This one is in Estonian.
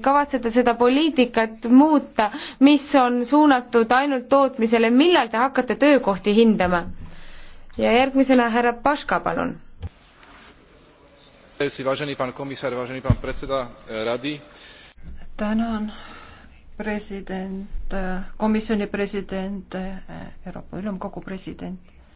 kavatsete seda poliitikat muuta, mis on suunatud ainult tootmisele, millal te hakkate töökohti hindama? ja järgmisena härra Paška, palun. Eh, tänan, president, eh, komisjoni president, eh, Euroopa Ülemkogu president